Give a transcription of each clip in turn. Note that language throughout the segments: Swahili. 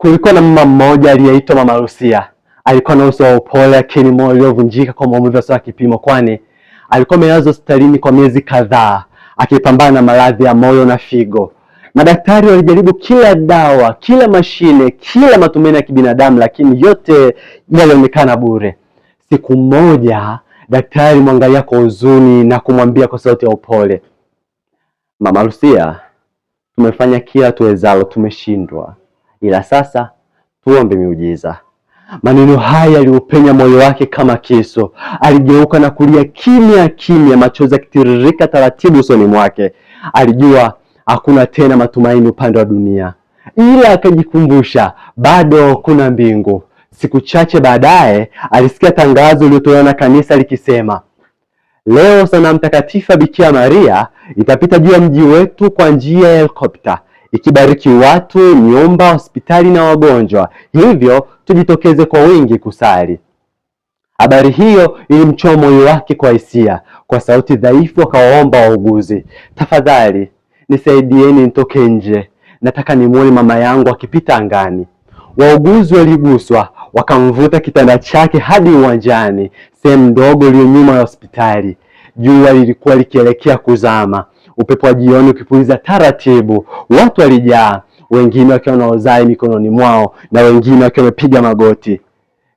Kulikuwa na mama mmoja aliyeitwa Mama Rusia. Alikuwa na uso wa upole lakini moyo uliovunjika kwa maumivu yasiyo ya kipimo, kwani alikuwa amelazwa hospitalini kwa miezi kadhaa akipambana na maradhi ya moyo na figo. Madaktari walijaribu kila dawa, kila mashine, kila matumaini ya kibinadamu, lakini yote yalionekana bure. Siku moja daktari alimwangalia kwa huzuni na kumwambia kwa sauti ya upole, Mama Rusia, tumefanya kila tuwezalo, tumeshindwa ila sasa tuombe miujiza. Maneno haya yaliupenya moyo wake kama kiso. Aligeuka na kulia kimya kimya, machozi yakitiririka taratibu usoni mwake. Alijua hakuna tena matumaini upande wa dunia, ila akajikumbusha bado kuna mbingu. Siku chache baadaye alisikia tangazo lililotolewa na kanisa likisema, leo sanamu takatifu Bikira Maria itapita juu ya mji wetu kwa njia ya helikopta ikibariki watu, nyumba, hospitali na wagonjwa. Hivyo tujitokeze kwa wingi kusali. Habari hiyo ilimchoma moyo wake kwa hisia. Kwa sauti dhaifu akawaomba wauguzi, tafadhali nisaidieni nitoke nje, nataka nimwone mama yangu akipita angani. Wauguzi waliguswa, wakamvuta kitanda chake hadi uwanjani, sehemu ndogo iliyo nyuma ya hospitali. Jua lilikuwa likielekea kuzama upepo wa jioni ukipuliza taratibu, watu walijaa, wengine wakiwa na mikononi mwao na wengine wakiwa wamepiga magoti.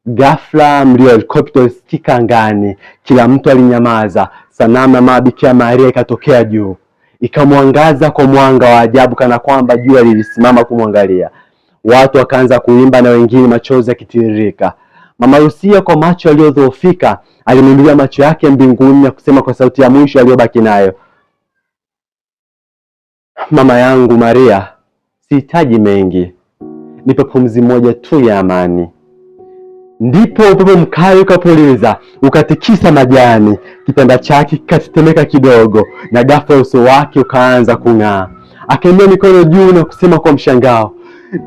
Ghafla mlio helikopta ulisikika angani, kila mtu alinyamaza. Sanamu ya Mama Bikira Maria ikatokea juu, ikamwangaza kwa mwanga wa ajabu, kana kwamba jua lilisimama kumwangalia. Watu wakaanza kuimba na wengine machozi yakitiririka. Mama Lucia kwa macho yaliyodhoofika alimimilia macho yake mbinguni na kusema kwa sauti ya mwisho aliyobaki nayo, Mama yangu Maria, sihitaji mengi, nipe pumzi moja tu ya amani. Ndipo upepo mkali ukapuliza, ukatikisa majani, kitanda chake kikatetemeka kidogo, na ghafla uso wake ukaanza kung'aa. Akainua mikono juu na kusema kwa mshangao,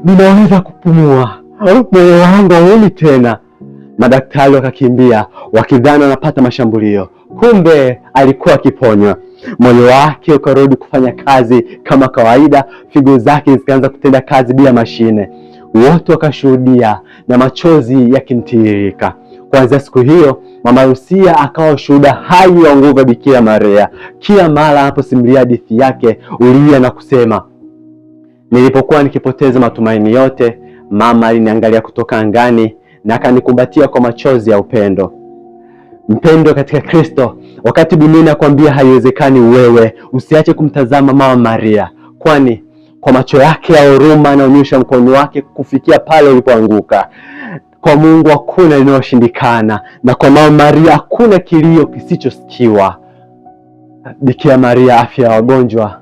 ninaweza kupumua, moyo wangu haumi tena. Madaktari wakakimbia wakidhani wanapata mashambulio, kumbe alikuwa akiponywa. Moyo wake ukarudi kufanya kazi kama kawaida, figo zake zikaanza kutenda kazi bila mashine. Wote wakashuhudia na machozi yakimtiririka. Kuanzia siku hiyo Mama Rusia akawa shuhuda hai wa nguvu ya Bikira Maria. Kila mara anaposimulia hadithi yake ulia na kusema, nilipokuwa nikipoteza matumaini yote, mama aliniangalia kutoka angani na akanikumbatia kwa machozi ya upendo. Mpendo katika Kristo, wakati dunia inakwambia haiwezekani, wewe usiache kumtazama Mama Maria, kwani kwa macho yake ya huruma anaonyesha mkono wake kufikia pale ulipoanguka. Kwa Mungu hakuna linaloshindikana, na kwa Mama Maria hakuna kilio kisichosikiwa. Bikira Maria, afya ya wagonjwa,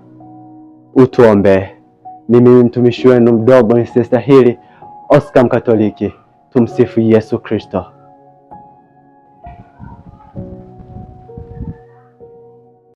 utuombee. Ni mimi mtumishi wenu mdogo nisiyestahili, Oscar Mkatoliki. Tumsifu Yesu Kristo.